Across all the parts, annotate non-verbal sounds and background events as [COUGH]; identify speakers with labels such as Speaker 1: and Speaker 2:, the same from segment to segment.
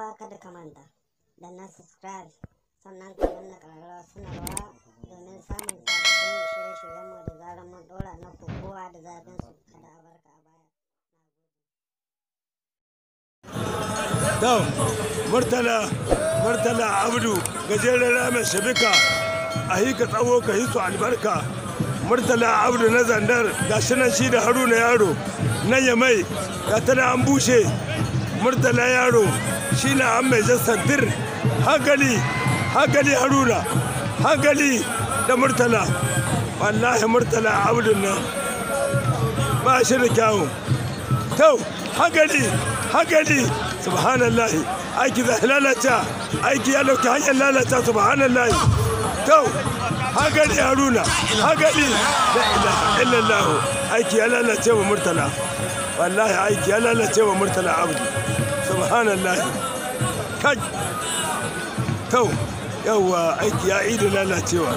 Speaker 1: fa kada ka manta da na subscribe sannan ka danna ƙararrawa sanarwa domin samun sabbin shirye-shiryenmu da zarar mun dora na kokowa da zafin su kada a barka a baya.
Speaker 2: To, Murtala, Murtala Abdu, gajeren ramin Shabika, a yi ka tsawo ka yi su albarka. Murtala Abdu na Zandar, ga shi nan shi da Haruna Yaro, na yamai ga tana an bushe, Murtala Yaro, shine an mai sandir hagali hagali haruna hagali da murtala wallahi murtala abdun nan ba shi da kyawun kyau hagali hagali subhanallah aiki za lalata aiki ya dauki hanyar lalata subhanallah kyau hagali haruna hagali da illallah aiki ya lalace wa murtala wallahi aiki ya lalace wa murtala abdu subhanallah kai to yauwa aiki ya idi lalacewa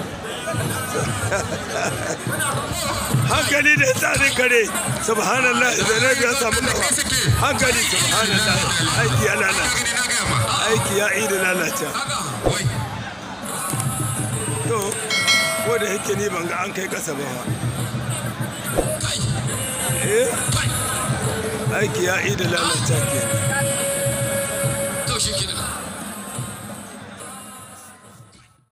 Speaker 2: [LAUGHS] hankali da tsarin kare subhanallah na ya samu hankali subhanallah aiki ya lalacewa aiki ya idi lalacewa to ko da yake ni ban ga an kai kasa ba eh? aiki ya idi lalace kenan